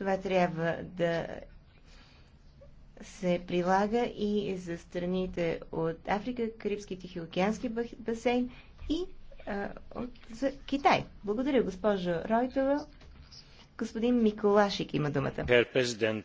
Това трябва да се прилага и за страните от Африка, Карибски Тихиокеански басейн и а, от, за Китай. Благодаря, госпожо Ройтова. Господин Миколашик има думата.